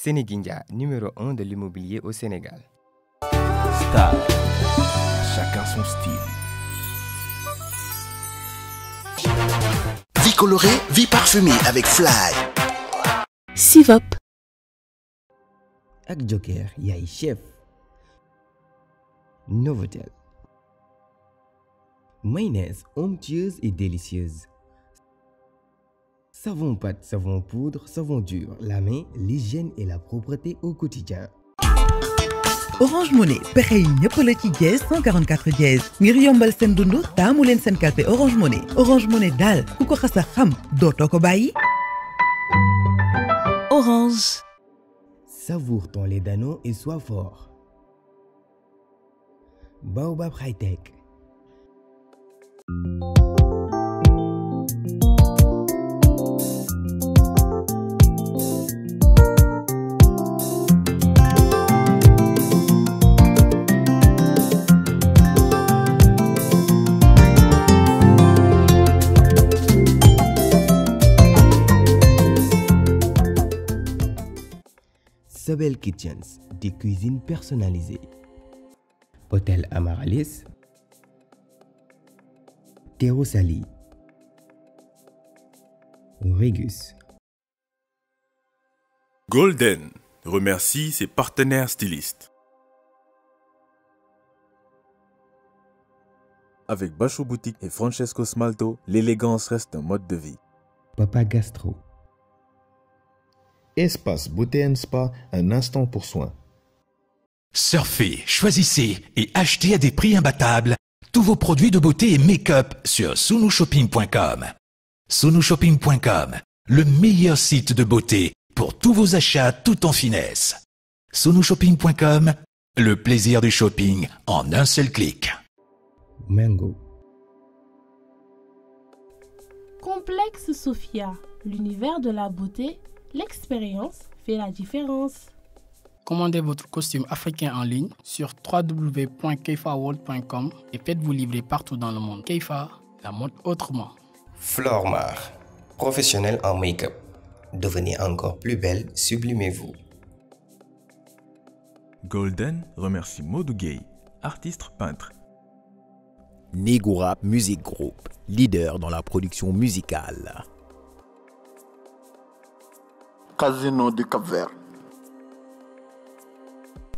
Sénéguinja, numéro 1 de l'immobilier au Sénégal. Star, chacun son style. Vie colorée, vie parfumée avec Fly. Sivop. Avec Joker, Yai chef. Novotel. Mayonnaise onctueuse et délicieuse. Savon pâte, savon poudre, savon dur, la main, l'hygiène et la propreté au quotidien. Orange monnaie père une ñëpp 144 gais, Miriam Balsen seen Tamoulen taamu Orange monnaie Orange monnaie dal ku ko doto a Orange. Savour ton lait Dano et sois fort. Baobab Hightech. Belle Kitchens, des cuisines personnalisées. Hôtel Amaralis, Terosali, Regus. Golden remercie ses partenaires stylistes. Avec Bacho Boutique et Francesco Smalto, l'élégance reste un mode de vie. Papa Gastro. Espace Beauté Spa, un instant pour soin. Surfez, choisissez et achetez à des prix imbattables tous vos produits de beauté et make-up sur sunushopping.com. sunushopping.com, le meilleur site de beauté pour tous vos achats tout en finesse. sunushopping.com, le plaisir du shopping en un seul clic. Mango. Complexe Sophia, l'univers de la beauté L'expérience fait la différence. Commandez votre costume africain en ligne sur www.keifaworld.com et faites-vous livrer partout dans le monde. Keifa, la mode autrement. Flormar, professionnel en make-up. Devenez encore plus belle, sublimez-vous. Golden remercie Maudou Gay, artiste peintre. Negura Music Group, leader dans la production musicale. Casino du Cap-Vert.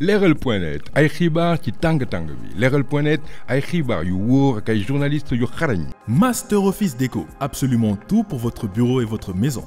leeral.net ay xibar ci tang tang bi leeral.net ay xibar yu woor ak ay yu Master Office Déco absolument tout pour votre bureau et votre maison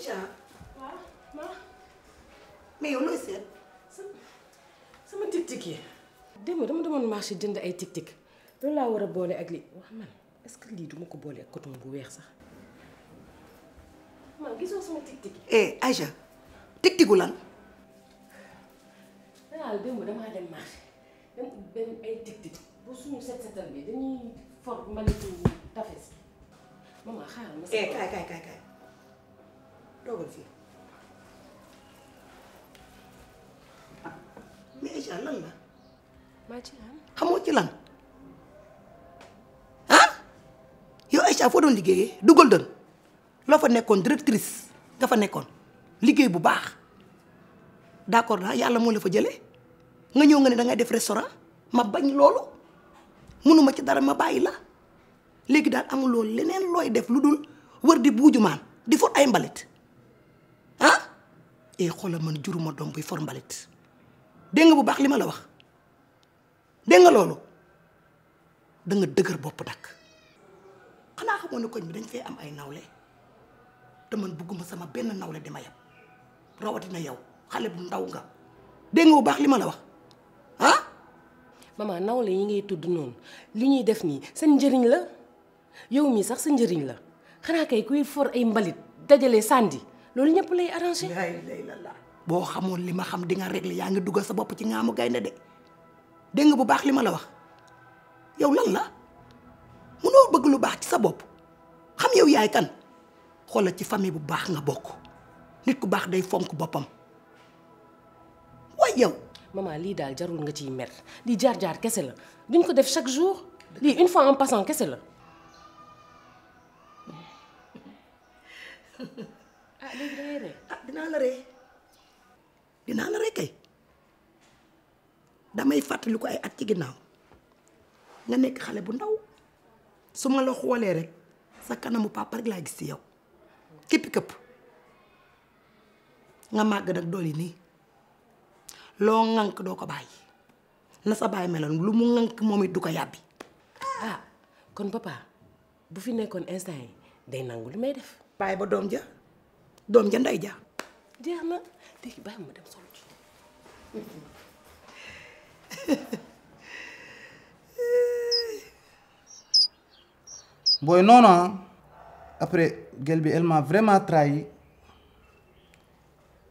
Aïcha. waaw ma. yow looy seet. sama tic-tic yi. démb dama demoon marché jënd ay tic-tic loolu laa war a boole ak lii wax man est-ce que lii duma ko boole ak coton bu weex sax. ma gisoo sama tic-tic yi. eh Aïcha tic-ticu lan. waaw démb damaa dem dem ay tic-tic ba suñu set setal bi dañuy for mbalitu tafes maman xaaral ma. eh kaay kaay doogal fii mais eh, Aïcha lan la. maa ci lan xamoo ci lan ah yow eh, Aïcha foo doon liggéeyee dugal doon loo fa nekkoon directrice nga fa nekkoon liggéey bu baax d'accord naa yàlla moo la fa jëlee nga ñëw nga ne da ngay def restaurant ma bañ loolu mënuma ci dara ma bàyyi la léegi daal amuloo leneen looy def wër di buujumaan di for ay mbalit. ah e a man juruma doom buy for mbalit dégg bu baax li ma la wax dégg loolu danga dëgër bopp nag xanaa xamoon ne koñ bi dañ fee am ay nawle te man bugguma sama benn nawle di ma yab rawatina yow xale bu ndaw nga dégg bu baax li ma la wax ah. maman nawle yi ngay tudd noonu li ñuy def nii seen njëriñ la yow mii sax sa njëriñ la xanaa kay kuy for ay mbalit dajale sàndi loolu ñep lay arrangé. la ilaha la bo xamone lima xam di nga régler ya nga duggal sa bop ci ngaamu gaynde de dégg nga bu baax lima la wax yow lan la mëno bëgg lu baax ci sa bop xam yow yaay kan xoolal ci famille bu baax nga bok nit ku baax day fonk bopam way yow. mama li dal jarul nga ci mer lii jar jar kese la duñ ko def chaque jour li une fois en passant kese la. dina la rek dinaa la ree kay damay fàttali ko ay at ci nga nek xalé bu ndaw suma la xolé rek sa kanamu papa rek la gis ci yow kep kep nga mag nak doli ni lo ngank do ko bàyyi na sa baye meloon lu mu ngank momit du ko yàbbi ah kon papa bu fi nekkone instant yi day nangul may def baye ba dom ja doom ja nday ja jeex na léegi bàyyi ma dem solo ci boy non non après gel bi elle m'a vraiment trahi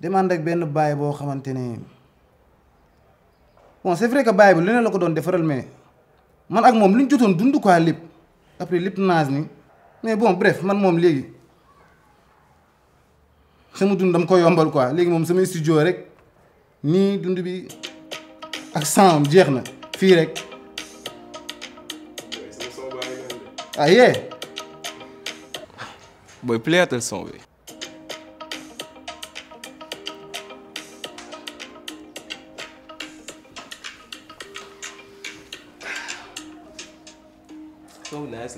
demande ak ben baay bo xamante bon c'est vrai que baye bi leneen la ko doon defaral mais man ak mom liñ ñu jotoon dund quoi lépp après lépp naas ni mais bon bref man mom légui sama dund dama ko yombal quoi léegi moom samay studio rek nii dund bi ak sang jeex na fii rek ah yee booy son so nice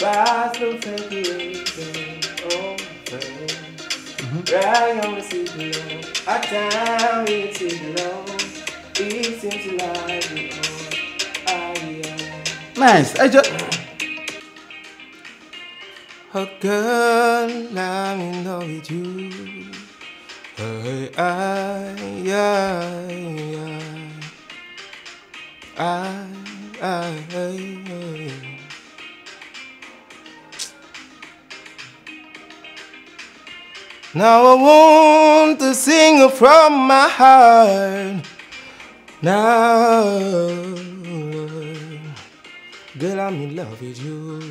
Flies no circulation, oh my friend. Mm-hmm. on the signal, I down it to the low. It seems to lie beyond. Nice. I just. a girl, I'm in love with you. I ay, ay, I I. ay, ay. Now I want to sing from my heart. Now, girl, I'm in love with you.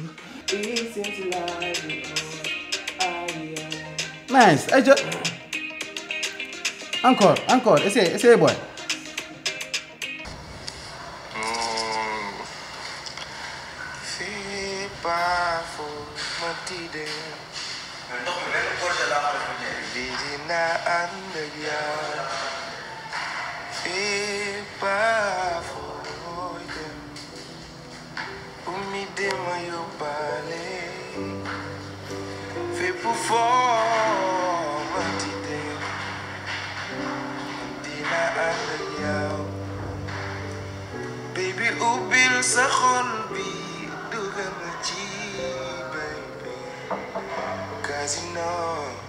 It seems like I am. Nice. I just. Encore, encore. Essaye, essaye, boy. Mm. ya annabi ya ipa baby ubil sa kholbi duga maji baby cause you know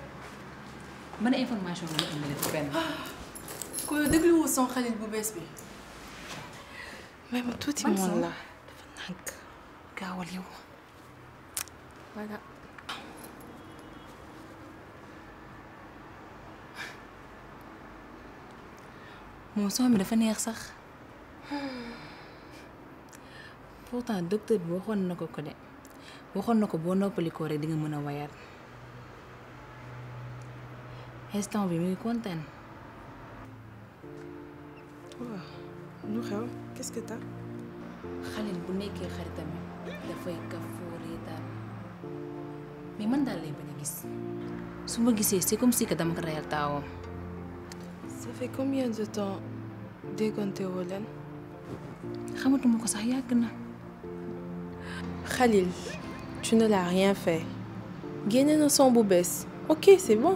من انفورماسيون اللي عملت بان كل دغلو وسون خالد بوباس بي ميم توتي مون لا فنانك قاوا اليوم ولا موسو عمل فني يخسخ pourtant docteur bi waxon na ko ko de waxon na ko bo noppali ko rek di nga mën a wayaat Est-ce mi ngi kontaan. waaw nu xew qu'est-ce que t'as. xale bu nekkee xaritam dafay kafoo reetaan mais man daal lay bañ a gis su ma gisee c'est comme si que dama ko reyal taawam. ça fait combien de temps déggoonte woo leen. xamatuma ko sax yàgg na. Khalil tu ne l'as rien fait génne na son bu bees ok c'est bon.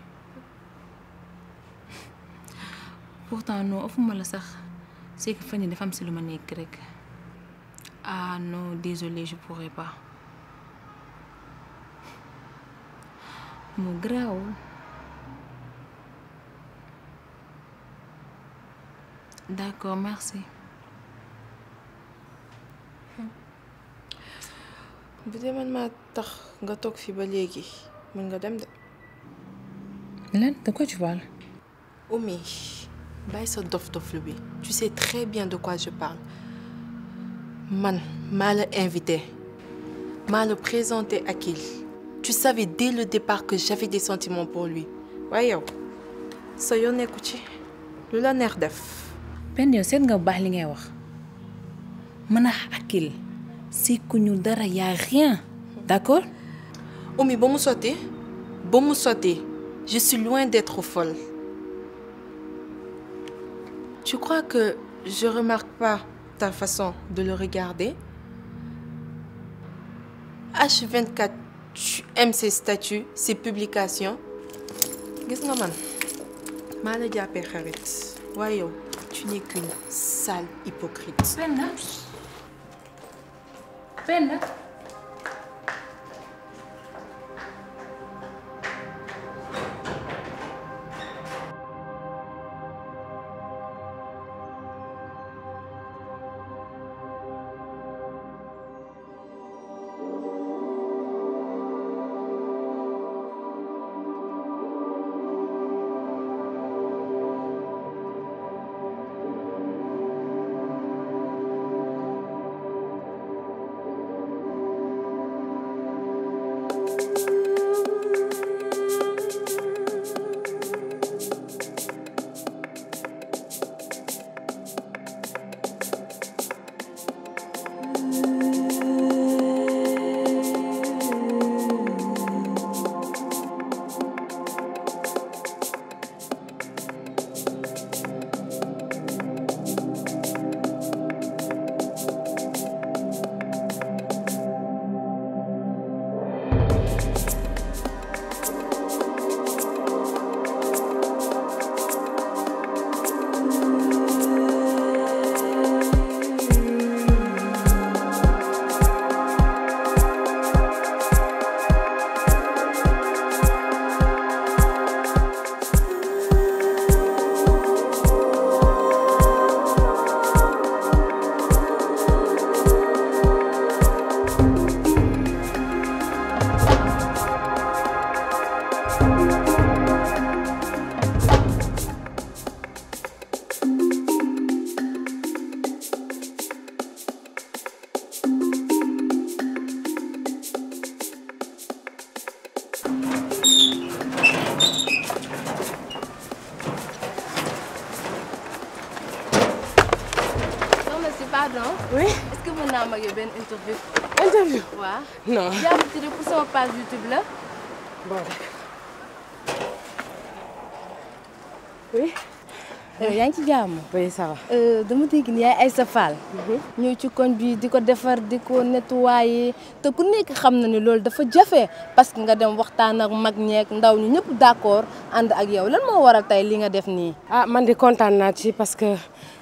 pourtant non ofuma la sax c'est que fan des femmes c'est si lu grec. rek ah non désolé je pourrais pas mu garaawul d'accord merci Vous avez man maa tax nga toog fi ba léegi mën de lan quoi tu parles Oumy bàyyi sa dof tu sais très bien de quoi je parle man mal invité mal présenté présenté Akil tu savais dès le départ que j'avais des sentiments pour lui Voyons, soyons écoutés. yoon nekku ci lu la neex def dit ben, yow seet nga dit si li ngay wax mën a Akil dara rien d'accord Oumy ba mu sotti ba je suis loin d'être folle tu crois que je remarque pas ta façon de le regarder H24, tu aimes ses statuts, ses publications. Qu'est-ce que tu n'es qu'une sale hypocrite. Penna. Penna. oui est-ce que mon avez une interview. interview Je non te pour ma page YouTube là bon oui. Euh, oui ça va. Euh, dama vous dis que Aïssa un mhm. ñëw ci bi nettoyer tu ku une parce que nga dem waxtaan ak mag nous ndaw d'accord ànd ak yow lan waral li nga def ah, parce que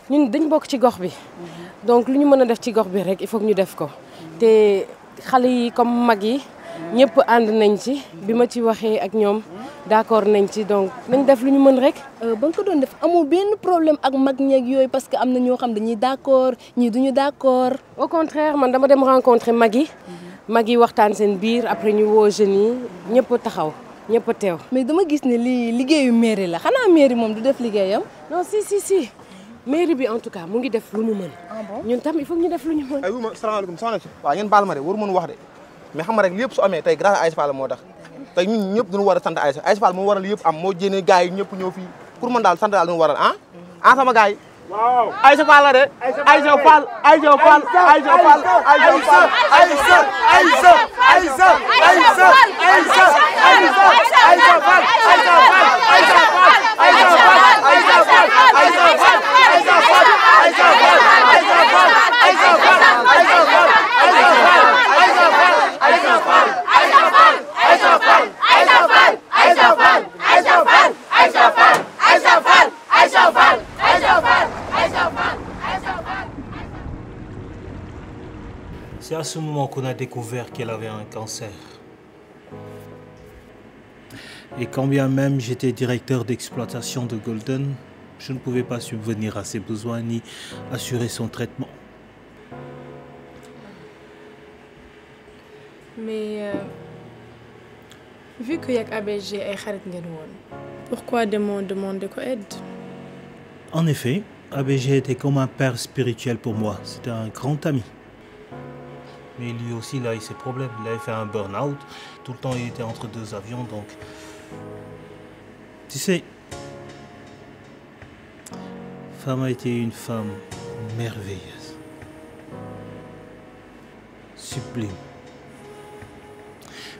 ñun dañ bok ci gox bi donc luñu mëna def ci gox bi rek il faut ñu def ko té xalé yi comme mag yi ñëpp and nañ ci bima ci waxé ak ñom d'accord nañ ci donc nañ def luñu mëne rek. Euh, ba nga ko doon def amu benn problème ak mag ñeeg yoy parce que amna ño xam dañuy d'accord ñi duñu d'accord. au contraire man dama dem rencontrer mag yi mag yi waxtaan seen biir après ñu wo jeunes yi ñëpp taxaw. ñëpp tew mais dama gis ne li liggéeyu mairie la xana mairie mom du def liggéeyam. non si si si mairie bi en tout cas mu ngi def lu mu bon ñun tam il faut ñu def lu ñu meun ay wuma alaykum soxna ci wa ñen bal ma re waru mën wax de mais xam rek lepp su amé tay grâce à Aïssa Fall mo tax tay ñun ñepp dañu wara a Aïssa Aïssa Fall mo waral yëpp am mo jéné gaay ñepp ñëpp fi pour man dal sante dal dañu waral ah ah sama gaay yi waaw Aïssa Fall la de Aïssa Fall Aïssa Fall Aïssa Fall Aïssa Fall Aïssa Aïssa Aïssa Aïssa Aïssa Aïssa Aïssa Fall Aïssa Fall Aïssa Fall Aïssa Fall Aïssa Fall Aïssa Fall C'est à ce moment qu'on a découvert qu'elle avait un cancer. Et quand bien même j'étais directeur d'exploitation de Golden, je ne pouvais pas subvenir à ses besoins ni assurer son traitement. Mais euh, vu que Yak ABG est pourquoi demander quoi aide En effet, ABG était comme un père spirituel pour moi. C'était un grand ami. Mais lui aussi, il a ses problèmes. Il avait fait un burn-out. Tout le temps, il était entre deux avions, donc... Tu sais, femme a été une femme merveilleuse, sublime.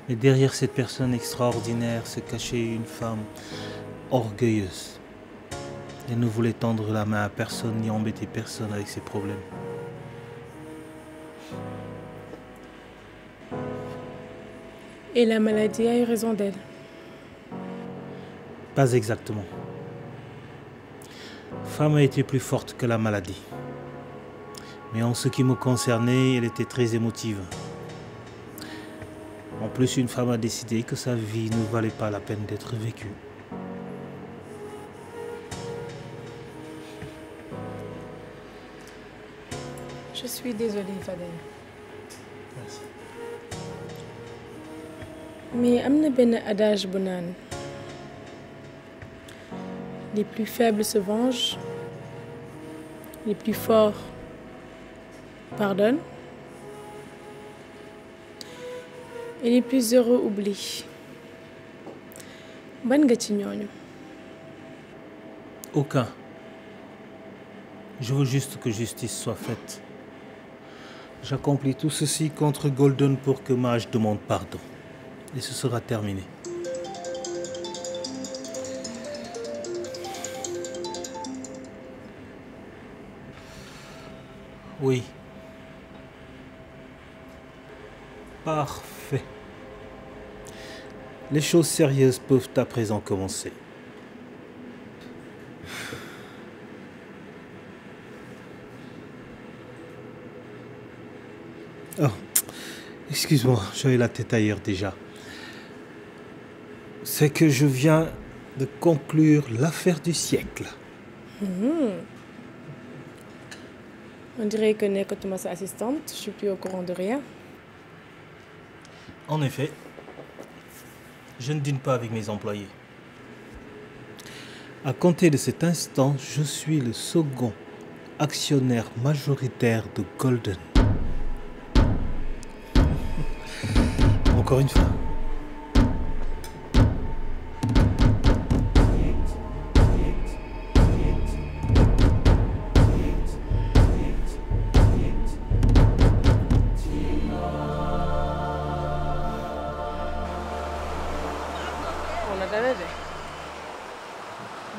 Mais derrière cette personne extraordinaire se cachait une femme orgueilleuse. Elle ne voulait tendre la main à personne ni embêter personne avec ses problèmes. Et la maladie a eu raison d'elle Pas exactement femme a été plus forte que la maladie. Mais en ce qui me concernait, elle était très émotive. En plus, une femme a décidé que sa vie ne valait pas la peine d'être vécue. Je suis désolée, Fadel. Merci. Mais a ben adage bonan. Les plus faibles se vengent. Les plus forts pardonnent. Et les plus heureux oublient. Bonne nga Aucun. Je veux juste que justice soit faite. J'accomplis tout ceci contre Golden pour que Mage demande pardon. Et ce sera terminé. Oui. Parfait. Les choses sérieuses peuvent à présent commencer. Oh, excuse-moi, j'avais la tête ailleurs déjà. C'est que je viens de conclure l'affaire du siècle. Mmh. On dirait que n'est que assistante, je suis plus au courant de rien. En effet, je ne dîne pas avec mes employés. À compter de cet instant, je suis le second actionnaire majoritaire de Golden. Encore une fois.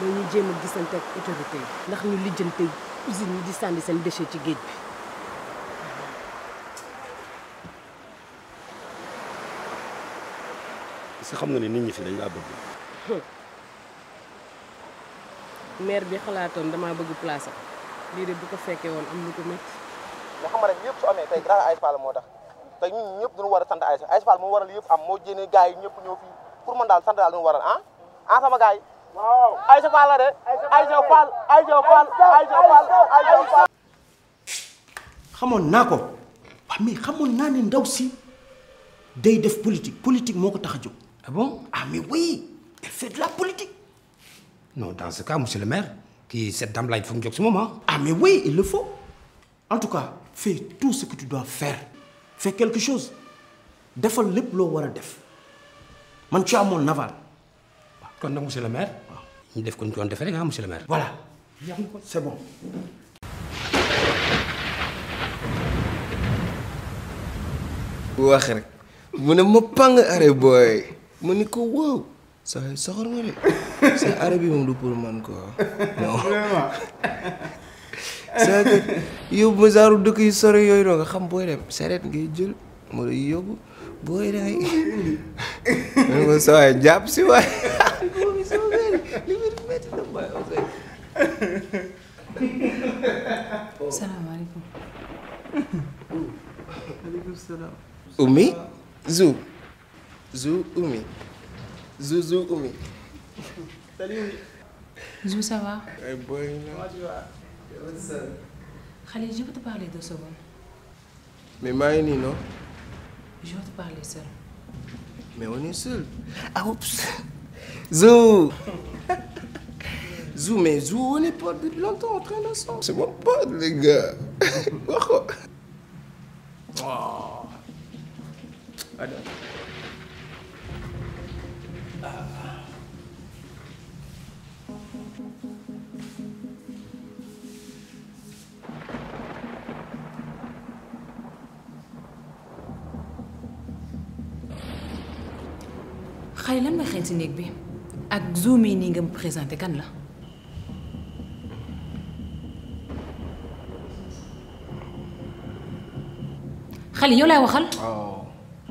dañuy jéem a gisante ak autorité yi ndax ñu lijjante usine yi di sànni seen déchet ci géej bi est xam nga ne nit ñi fi dañ laa bëgg maire bi xalaatoon damaa bëgg placer lii de bu ko fekkee woon am lu ko métti mais xam nga rek yëpp su amee tey grâce à Aïs Fall moo tax te ñu ñëpp duñu war a sant Aïs Aïs Fall moo waral yëpp am moo jénee gars yi ñëpp ñëw fii pour man daal sant daal duñu waral ah, ah sama gars Aïcha Fall la de Aïcha Fall Aïcha Fall je Fall Aïcha Fall xamoon naa ko mais xamoon naa ne a Des day def politique politique moo ko de ah bon ah mais oui elle fait de la politique non dans ce cas monsieur le maire qui cette dame là il faut mu jóg ce ah mais oui il le faut en tout cas fais tout ce que tu dois faire fais quelque chose defal lépp loo war faire..! def man ci mon naval kon nag monsieur le maire waaw ñu def ko ñu doon defee rek ah, monsieur le maire voilà c'est bon rek ma pang are boy mu ni ko wow sa soxor nga are bi moom du pour man ko non sa que yow udah zaaru dëkk yu sori yooyu nga xam booy dem sareet ngay jël mo lay yóbbu booy da ngay ko sa si Oumi Zou. Zou Oumi. Zou Zou Oumi. Salut Zou, ça va hey, boy, Comment tu vas Khalid, je peux te parler deux secondes. Mais Maïni, non Je veux te parler seul. Mais on est seul. Ah, oups. Zou Zou, mais Zou, on est pas depuis longtemps en train d'ensemble. C'est mon pote, les gars. Pourquoi? Allez. xale lan mooy xeeti néeg bi ak zoom yi nii nga mu présenté kan la. xale yow laay waxal.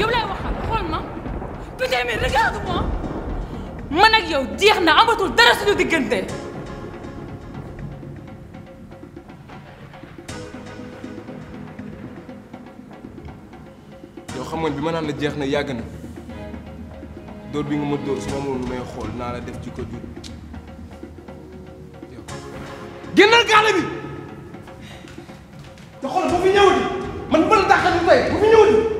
yow laay waxal xool ma putain mais regarde-moi man ak yow jeex na amatul dara suñu diggante yow xam nga bi ma naan la jeex na yàgg na dóor bi nga ma dóor su ma moom lu may xool naa la def ci ko jur génnal gaale bi te xool bu fi ñëw di man bu la dàqal tey bu fi ñëw di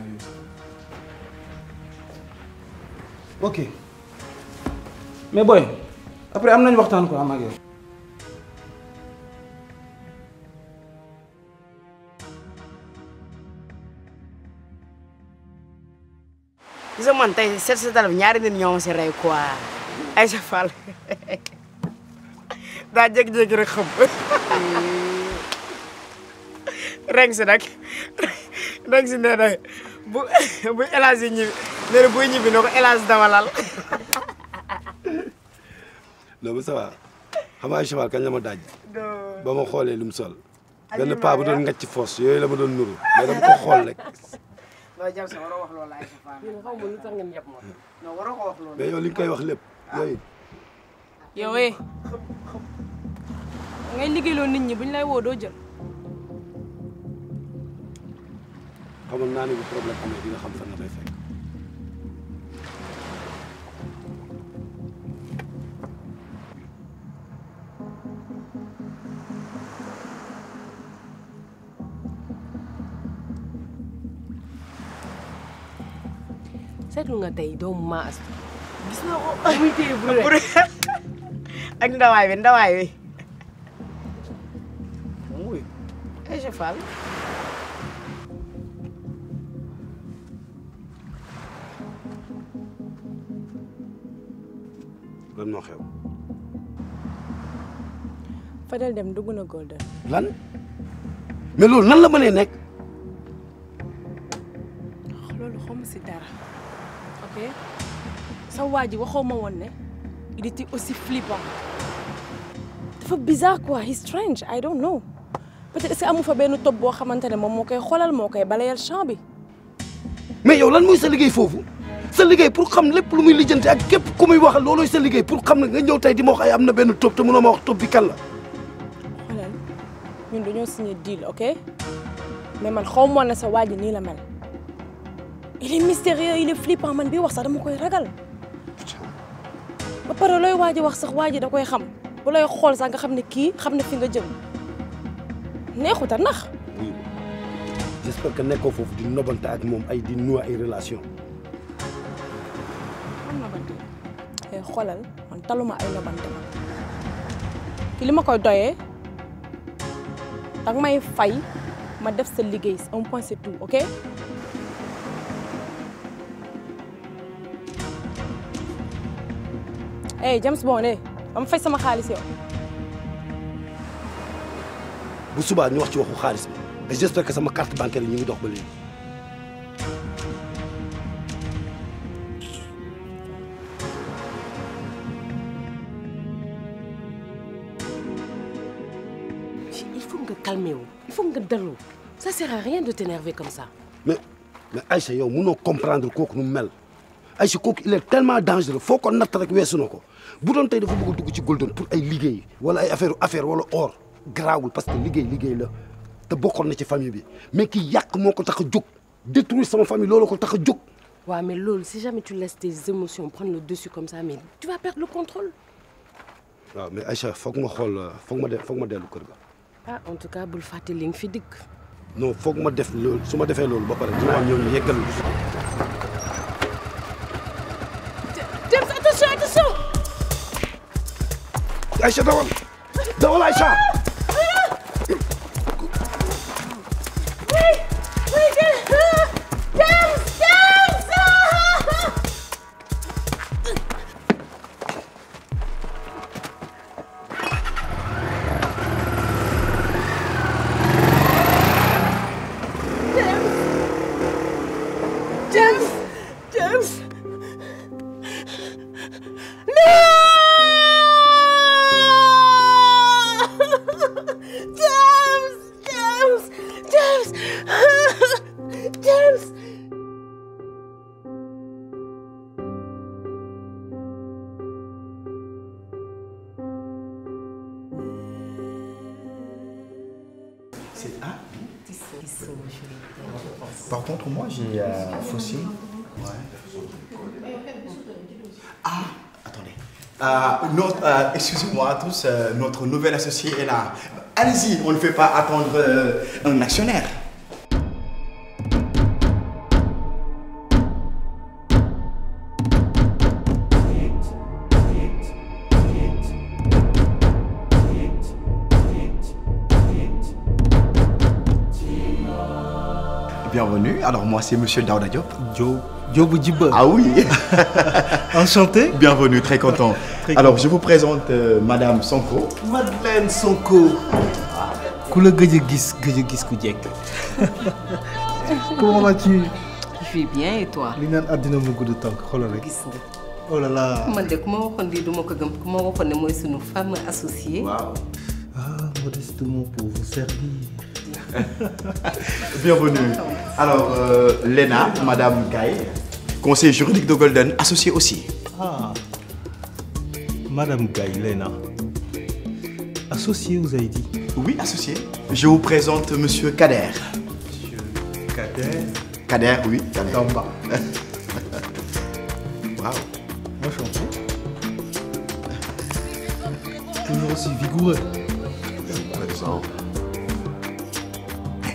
ok mais booy après am nañu waxtaan quoi am ak yow. gis nga tey seet seetal bi ñaari nit ñoo ma si rey quoi Aïcha Fall daa jékki-jékki rek xam reng si nag reng bu bu El Hadj ñibbi nee na buy ñibbi dawalal. non bu ça va xam nga kañ la ma daaj. ba ma xoolee lu mu sol. benn paa bu doon ngacc foos yooyu la ma doon nuru mais dama ko xool rek. loolu wax loolu li nga koy wax lépp ah. yooyu. yow eh. ngay liggéeyloo nit ñi buñ lay woo doo xamoon naa ne bu problème amee di nga xam fan la may fekk. seetlu nga tey doomu maa as. gis nga ko muy téye buré ak ndawaay bi ndawaay bi. muy ay am xew. Fadel dem dugg Golden. lan mais loolu nan la mënee nekk. loolu xawma si dara ok sa waa ji waxoo ne il était aussi flippant dafa bizarre quoi he's strange I don't know peut-être est-ce que amu fa benn topp boo xamante ne moom moo koy balayal champ bi. mais yow lan mooy sa liggéey foofu. sa liggéey pour xam lépp lu muy lijjanti ak képp ku muy wax loolooy sa liggéey pour xam ne nga ñëw tey di ma wax ay am na benn tóob te mënoo ma wax tóob bi kan la. xoolal ñun dañoo signé deal ok mais man xaw ma ne sa waa ji nii la mel il est mystérieux il est flippant man bii wax sax dama koy ragal. ba pare looy waaj wax sax waaj da koy xam bu looy xool sax nga xam ne kii xam ne fi nga jëm neexuta nax. j'espère que nekkoo foofu di nobante ak moom ay di nouer ay relation ay xolal man taluma ay nobante ki li ma koy doyee danga may fay ma def sa liggéey un point c'est tout ok hey eh, James Bond eh dama fay sama xaalis yow bu subaa ñu wax ci waxu xaalis bi et j'espère que sama carte bancaire yi ngi dox ba léegi calmer il faut nga dalu ça sert à rien de t'énerver comme ça. mais mais Aïcha yow mënoo comprendre kooku nu nous mel Aïcha kooku il est tellement dangereux Faut ko natt rek weesu na ko bu doon tey dafa bëgg dugg ci Golden pour ay liggéey wala ay affaire affaire wala or grave, parce que liggéey liggéey la te bokkoon na ci famille bi mais ki yàq qui ko tax a détruire sa famille loolu ko tax a jóg. mais loolu si jamais tu laisses tes émotions prendre le dessus comme ça mais tu vas perdre le contrôle. Ah, mais Aïcha foog ma xool me euh, ma de faut ma dellu kër ah en tout cas bul fàtte li nga fi dikk. non foog ma def loolu su ma defee loolu ba pare dinaa ñëw ñu yeggal. James attention attention. Aïcha dawal dawal Aïcha. Euh, fossil Ouais. Ah, attendez. Euh, euh, excusez-moi tous, notre nouvel associé est là. Allez-y, on ne fait pas attendre un actionnaire. Alors moi c'est Monsieur Daouda Diop. Diop. Ah oui Enchanté Bienvenue, très content. Alors je vous présente euh, Madame Sonko. Madeleine Sonko. Comment vas-tu Je vais bien et toi Linan Adina Oh là là Je femme associée. Ah, modestement pour vous servir. Bienvenue. Alors, Léna.. Euh, Lena, Madame Gaï, conseiller juridique de Golden, associée aussi. Ah, Madame Gaï, Lena. Associée, vous avez dit Oui, associée. Je vous présente Monsieur Kader. Monsieur Kader Kader, oui, Kader. Damba. Waouh. Enchanté. Toujours aussi vigoureux.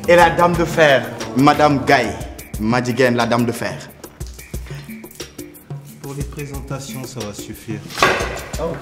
et la dame de fer, Madame Gaï, Madigan, la dame de fer. Pour les présentations, ça va suffire. Oh.